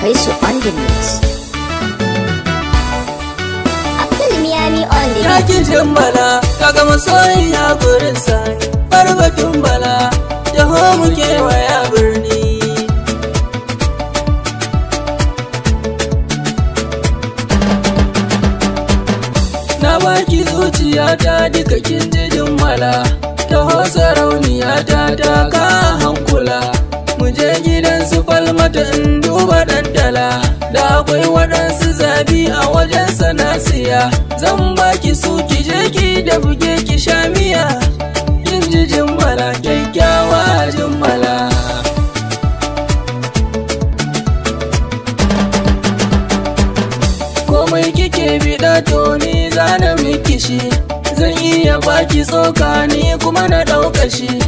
kai su on the mix Abdul Miami on the mix Kakin jimbala kaga masoyin ya gurin sai barbatun bala jaho muke waya birni Na baki zuciya ta duka kin jimbala ta ho sarauniya ta su falmata in duba dandala da akwai waɗansu zabi a wajen sana siya zan baki su ki je ki da buge ki sha miya kin ji jimbala kyakkyawa jimbala komai kike biɗa toni zana miki shi zan iya baki tsoka ni kuma na ɗaukashi shi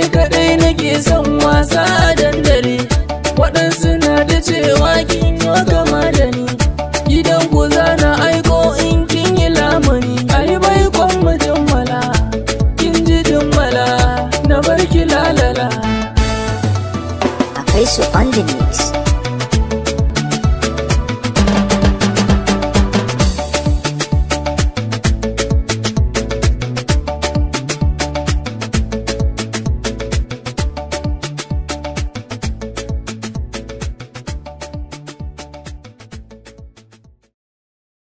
ni kaɗai nake son wasa a dandali waɗansu na da cewa kin yi kama da ni gidan ku za na aiko in kin yi lamuni ai baikon mutum mala kin ji dimmala na barki lalala akwai su on the news